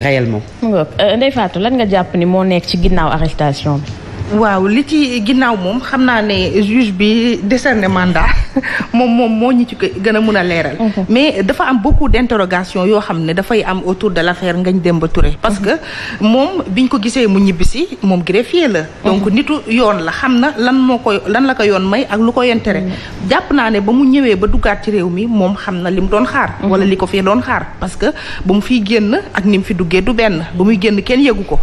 réellement. Euh, Ndeye Fatou lan nga jàpp ni moo nekk ci ginnaaw arrestation waaw li ci ginnaaw moom xam naa ne juge bi décerné mandat moom moom moo ñu ci gën a mun a leeral. mais dafa am beaucoup d' interrogation yoo xam ne dafay am autour de l' affaire Ngagne Demba Touré. parce que moom biñ ko gisee mu ñibbisi moom greffier la. donc nitu yoon la xam na lan moo koy lan la ko yoon may ak lu koy intérêt. Mm. jàpp naa ne ba mu ñëwee ba duggaat ci réew mi moom xam na li mu doon xaar. Mm-hmm. wala li ko fi doon xaar parce que ba mu fiy génn ak ni mu fi duggee du benn ba muy génn kenn yëgu ko.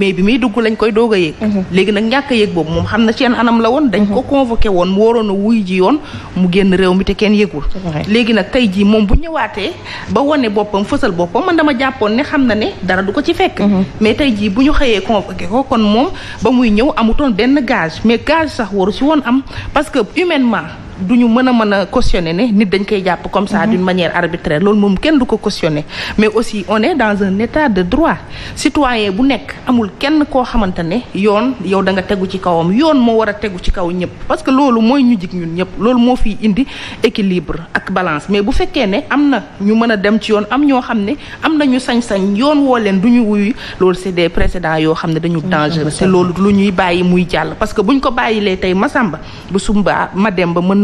mais bi muy dugg lañ koy doog a mhm. léegi nag ñàkk a boobu moom xam na ci anam la woon dañ mhm. ko convoqué woon mu waroon a wuy ji yoon mu génn réew mi te kenn yëgul léegi nag tey jii moom bu ñëwaatee ba wane boppam fësal boppam man dama jàppoon ne xam na ne dara du ko ci fekk mhm. mais tey jii bu ñu xëyee convoqué ko kon moom ba muy ñëw amutoon benn gage mais gage sax waru si woon am parce que humainement du ñu mën a mën a cautionner ne nit dañ koy jàpp comme ça mhm. d'une manière arbitraire loolu moom kenn du ko cautionner mais aussi on est dans un état de droit citoyen bu nekk amul kenn koo xamante ne yoon yow da nga tegu ci kawam yoon moo war a tegu ci kaw ñëpp parce que loolu mooy ñu jig ñun ñëpp loolu moo fiy indi équilibre ak balance mais bu fekkee ne am na ñu mën a dem ci yoon am ñoo xam ne am nañu sañ-sañ yoon woo leen du ñu wuy loolu c'est des précédents yoo xam ne dañu dangereux te loolu lu ñuy bàyyi muy jàll parce que buñ ko bàyyilee tey Masamba bu sumba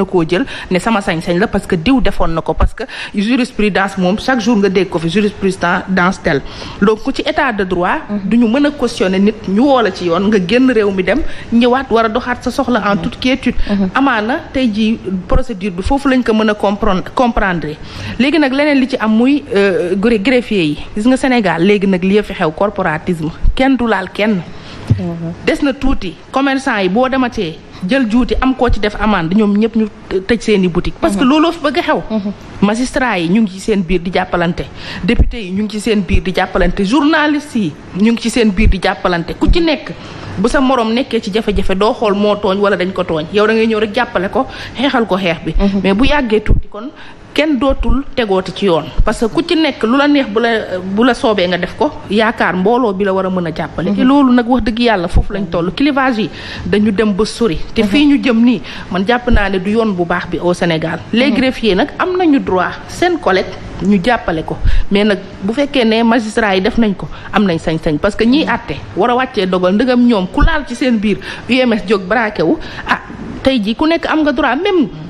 na koo jël ne sama sañ-sañ la parce que diw defoon na ko parce que jurisprudence moom chaque jour nga dégg ko fi jurisprudence tel donc ku ci état de droit mhm. du ñu mën a cautionner nit ñu woo ci yoon nga génn réew mi dem ñëwaat war a doxaat sa soxla en mhm. toute quiétude mhm. amaana tey jii procédure bi foofu lañ ko mën a comprendre comprendre léegi nag leneen li ci am muy euh, greffier yi gis nga Sénégal léegi nag li fi xew corporatisme kenn du laal kenn des na jël juuti am koo ci def amande ñoom ñëpp ñu tëj seen i boutique parce que mhm. looloo fi bëgg a xew mhm. magistrat yi ñu ngi ci seen biir di jàppalante député yi ñu ngi ci seen biir di jàppalante journaliste yi ñu ngi ci seen biir di jàppalante ku ci mhm. nekk bu sa morom nekkee ci jafe-jafe doo xool moo tooñ wala dañ ko tooñ yow da ngay ñëw rek jàppale ko xeexal ko xeex bi mais bu yàggee tuuti kon kenn dootul tegooti ci yoon parce que ku ci nekk lu la neex bu la bu la soobee nga def ko yaakaar mbooloo bi la war a mën a jàppale mm -hmm. loolu nag wax dëgg yàlla foofu lañ toll clivage yi dañu dem ba sori te mhm. fii ñu jëm nii man jàpp naa ne du yoon bu baax bi au Sénégal les mhm. greffiers nag am nañu droit seen collègue ñu jàppale ko mais nag bu fekkee ne magistrat yi def nañ ko am nañ sañ-sañ parce que ñiy mhm. àtte war a wàccee dogal ndegam ñoom ku laal ci seen biir UMS jóg braqué wu ah tey jii ku nekk am nga droit même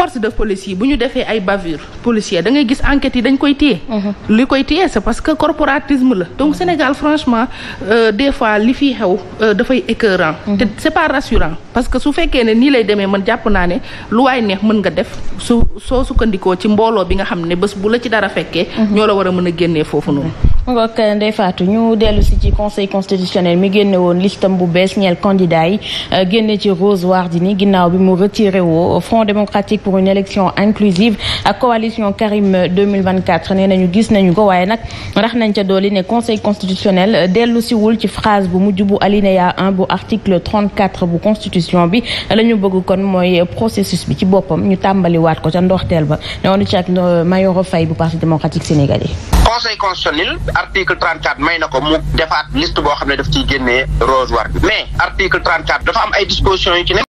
force de police yi bu ñu defee ay bavure policière da ngay gis enquêtes yi dañ koy téye. Mhm. li koy téye c'est parce que corporatisme la donc mhm. Sénégal franchement euh, des fois li fi xew euh, dafay écœurant mhm. te c'est pas rassurant parce que su fekkee ne nii lay demee man jàpp naa ne lu waay neex mën nga def su soo sukkandikoo ci mbooloo bi nga xam ne bés bu la ci dara fekkee ñoo la war a mën a génnee foofu noonu ngook euh, Ndeye Fatou ñu dellu si ci conseil constitutionnel mi génne woon listam bu bees ñeel candidat yi euh, génne ci Rose Wardini ginnaaw bi mu retiré woo Front démocratique pour une élection inclusive ak coalition Karim 2024 nee nañu gis nañu ko waaye nag rax nañ ca dooli ne conseil constitutionnel euh, dellu ci phrase bu mujj bu alinéa 1 bu article 34 bu constitution bi la ñu bëgg kon mooy processus bi ci boppam ñu tàmbaliwaat ko ca ndoorteel ba ne woon ci ak Mayoro Faye bu parti démocratique sénégalais conseil constitutionnel article 34 may na ko mu defaat liste boo xam ne daf ciy génnee Rose Wardini mais article 34 dafa am ay disposition yu ci ne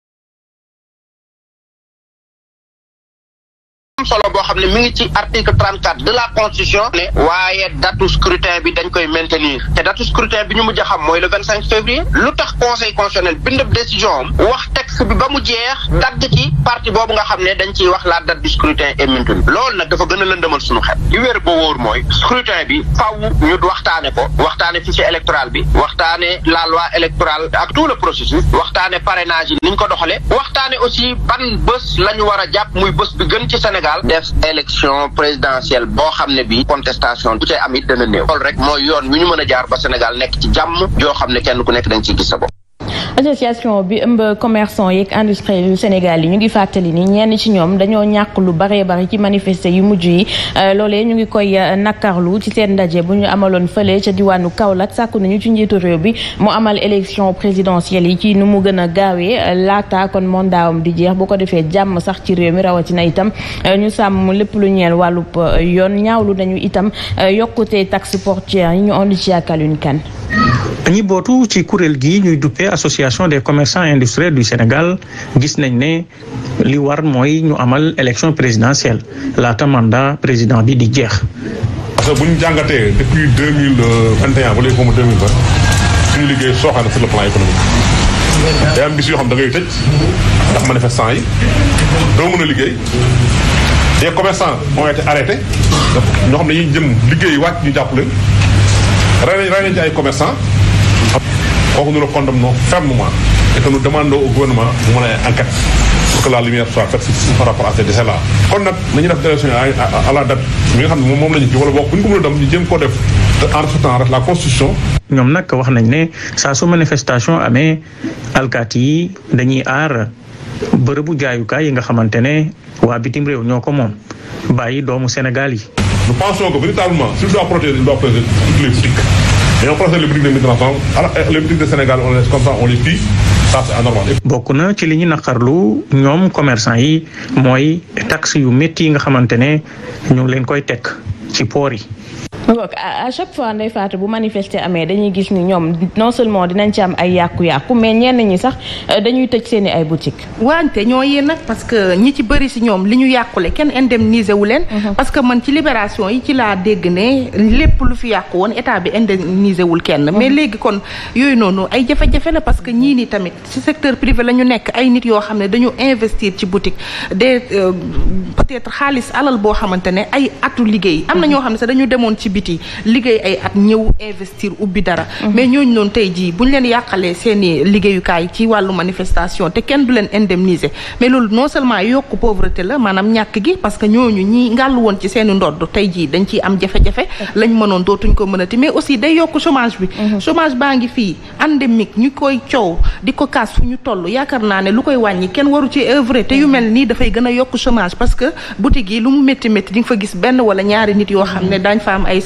am solo boo xam ne mi ngi ci article trente quatre de la constitution waaye datu scrutin bi dañ koy maintenir te datu scrutin bi ñu mujj a xam mooy le février lu tax conseil constitutionnel bindab décision am wax texte bi ba mu jeex dagg ci parti boobu nga xam ne dañ ci wax la date du scrutin et maintenu loolu nag dafa gën a lëndëmal suñu xel li wér ba wóor mooy scrutin bi faw ñu waxtaane ko waxtaane fichier électoral bi waxtaane la loi électorale ak tout le wa waxtaane parrainage yi ko doxale waxtaane aussi la ñu Sénégal def élection présidentielle boo xam ne bi contestation bu cay am it dana néew loolu rek mooy yoon wi ñu mën a jaar ba Sénégal nekk ci jàmm yoo xam ne kenn ku nekk dañ ciy gis sa bopp association bi ëmb commerçant yeeg industrie yu Sénégal yi ñu ngi fàttali ni ñenn ci ñoom dañoo ñàkk lu baree bari ci manifester yu mujj yi euh, loolee ñu ngi koy euh, nakkarlu ci seen ndaje bu ñu amaloon fële ca diwaanu Kaolack sàkku nañu ci njiitu réew bi mu amal élection présidentielle yi ci nu mu gën a gaawee euh, laata kon mondaawam di jeex bu ko defee jàmm sax ci réew mi rawatina itam ñu sàmm lépp lu ñeel wàllub yoon ñaawlu nañu itam yokkute taxe portière yi ñu andi ñi bootu ci kuréel gi ñuy duppee association des commerçants industriels du Sénégal gis nañ ne li war mooy ñu amal élection présidentielle laata mandat président bi di jeex. parce que bu ñu jàngatee depuis deux mille euh, vingt et liggéey sooxee na sur le plan économique. xam da ngay tëj. ndax manifestant yi. doo mën a liggéey. des commerçants ont été arrêtés. ñoo xam ne ñuy jëm liggéey wàcc ñu jàppale. rey rey nañ ci ay commerçants. Donc nous le condamnons fermement et que nous demandons au gouvernement mu mën a enquête pour que la lumière soit faite par rapport à ces décès-là. kon nag nañu def délation à la date mi nga xam ne moom la ñu ci wala bokk bu ñu ko mën a dem ñu jéem koo def entre temps la constitution. ñoom nag wax nañ ne saa su manifestation amee alkaati yi dañuy aar bërëbu jaayukaay yi nga xamante ne waa bitim réew ñoo ko moom bàyyi doomu Sénégal yi. nous pensons que véritablement s'il doit protéger Et on prend les boutiques de Médina-Sang, ah, les boutiques de Sénégal, on les bokk na ci li ñu naqarlu ñoom commerçant yi mooy taxe yu métti yi nga xamante ne ñu leen koy teg ci poor yi donc à chaque fois Ndeye Fatou bu manifester amee dañuy gis ni ñoom non seulement dinañ ci am ay yàqu-yàqu mais ñenn ñi sax euh, dañuy tëj seen ay boutique wante ñoo yee nag parce que ñi ci bëri si ñoom li ñu yàqule kenn indemniser wu leen. Mhm. parce que man ci libération yi ci laa dégg lépp lu fi yàqu woon état bi indemniser wul kenn. Mhm. mais léegi kon yooyu noonu ay jafe-jafe la parce que ñii nii tamit si secteur privé la ñu nekk ay nit yoo xam ne dañu investir ci boutique des euh, peut-être xaalis alal boo xamante ne ay atu liggéey am na ñoo xam ne sax dañu demoon ci biir biti liggéey ay at ñëw investir ubbi dara mhm. mais ñooñu noonu tey jii bu ñu leen yàqalee seen i liggéeyukaay ci wàllu manifestation te kenn du leen indemniser mais loolu non seulement yokk pauvreté la maanaam ñàkk gi parce que ñooñu ñi ngàll woon ci seen i ndodd tey jii dañ ciy am jafe-jafe lañ mënoon dootuñ ko mënati mais aussi day yokk chômage bi mhm. chômage baa ngi fii endémique ñu koy coow di ko kaas fu ñu toll yaakaar naa ne lu koy wàññi kenn waru ci œuvre te yu a yokk chômage parce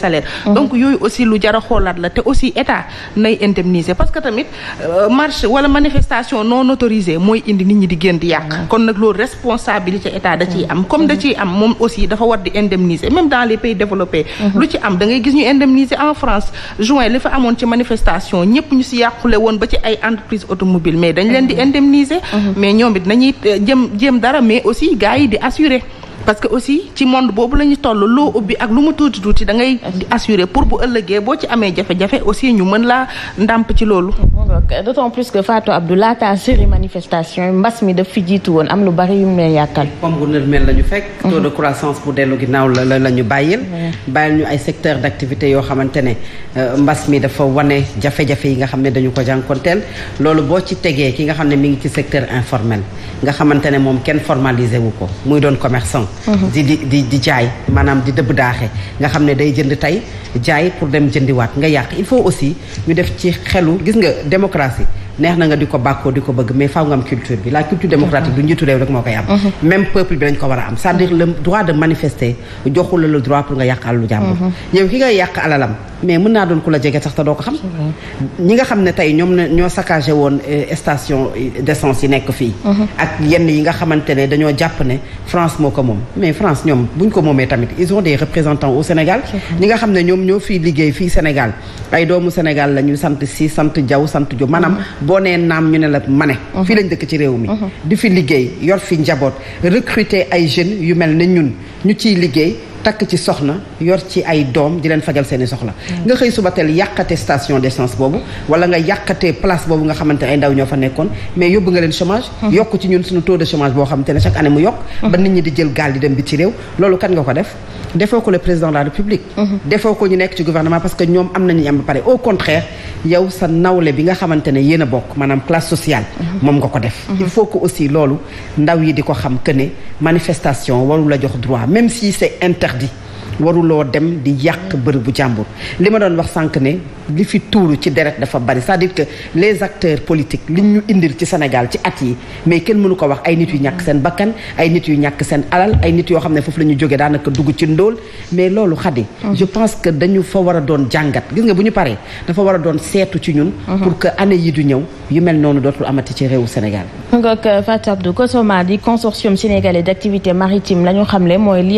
salaire mmh. donc yooyu aussi lu jar a xoolaat la te aussi état nay indemniser parce que tamit euh, marché wala manifestation non autorisée mooy indi nit ñi di gën di yàq mmh. kon nag loolu responsabilité état da ciy mmh. am comme da ciy am moom aussi dafa war di indemniser même dans les pays développés lu ci am da ngay gis ñu indemniser en France juin li fa amoon ci manifestation ñëpp ñu si yàqule woon ba ci ay entreprise automobile mais dañ leen di indemniser mais ñoom it nañuy euh, jëm jëm dara mais aussi gars yi di assurer parce que aussi ci monde boobu lañu ñu toll loo ubbi ak lu mu tuuti tuuti dangay ngay assurer pour bu ëllëgee boo ci amee jafe-jafe aussi ñu mën laa ndàmp ci loolu. d'autant plus que Fatou Abdou laata série manifestation mbas mi daf fi jiitu woon am lu bari yu mu leen yàkkal. pomme bu la ñu fekk. Mhm. taux de croissance bu dellu ginnaaw la la ñu bàyyil. bàyyil ñu ay secteur d'activité yoo xamante ne euh, mbas mi dafa wane jafe-jafe yi nga xam ne dañu ko jànkonteel loolu boo ci tegee ki nga xam ne mi ngi ci secteur informel nga xamante ne moom kenn formalisé wu ko muy doon commercant Mm-hmm. di di di di jaay maanaam di dëbb daaxe nga xam ne day jënd tey jaay pour dem jëndiwaat nga yàq il faut aussi ñu def ci xelu gis nga démocratie neex na nga di ko bàkkoo di ko bëgg mais faaw nga am culture bi la culture démocratique du njiitu réew rek moo koy am mm-hmm. même peuple bi dañ ko war a am cest à droit de manifester joxu la le droit pour nga yàq alalu jàmbur mm-hmm. yow ki nga yàq alalam mais mën naa doon ku la jege sax te doo ko xam. Mm-hmm. ñi nga xam ne tey ñoom ñoo saccagé woon eh, station d'essence yi nekk fii. Mm-hmm. ak yenn yi nga xamante ne dañoo jàpp ne France moo ko moom mais France ñoom buñ ko moomee tamit ils ont des représentants au Sénégal. Mm-hmm. ñi nga xam ne ñoom ñoo fii liggéey fii Sénégal ay doomu Sénégal la ñu sant si sant jaw sant jo maanaam boo nee naam ñu ne la mane. fii lañ dëkk ci réew mi. di fi liggéey yor fi njaboot recruter ay jeunes yu mel ne ñun ñu ciy liggéey. takk ci soxna yor ci ay doom di leen fajal seeni soxla mm. nga xëy suba teel yàqate station d'essence boobu wala nga yàqate place boobu nga xamante ne ay ndaw ñoo fa nekkoon mais yóbbu nga leen chômage mm. yokk ci ñun suñu taux de chômage boo xamante ne chaque année mu yokk ba mm. nit ñi di jël gaal di dem bi ci réew loolu kan nga ko def defoo ko le président de la république. Mhm. defoo ko ñu nekk ci gouvernement parce que ñoom am nañu am ba pare au contraire yow sa nawle bi nga xamante ne yéen a bokk maanaam classe sociale. Mhm. moom nga ko def. Mhm. il faut que aussi loolu ndaw yi di ko xam que manifestation warul la jox droit même si c'est interdit. waruloo dem di yàq bërëb bu jàmbur li ma doon wax sànq ne li fi tuuru ci deret dafa bari c'est-à-dire que les acteurs politiques li ñu indil ci Sénégal ci at yi mais kenn mënu ko wax ay nit yu ñàkk seen bakkan ay nit yu ñàkk seen alal ay nit yoo xam ne foofu la ñu jógee daanaka dugg ci ndóol mais loolu xadi mm. je pense que dañu fa war a doon jàngat gis nga bu ñu paree dafa war a doon seetu ci ñun mm-hmm. pour que année yi du ñëw yu mel noonu dootul amati ci réewu Sénégal. Ngok Fatou Abdou Kosoma di consortium sénégalais